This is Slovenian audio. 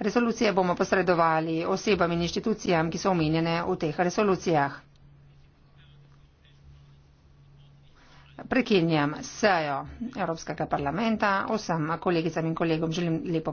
Resolucije bomo posredovali osebam in inštitucijam, ki so omenjene v teh resolucijah. Prekinjam sejo Evropskega parlamenta. Vsem kolegicam in kolegom želim lepo.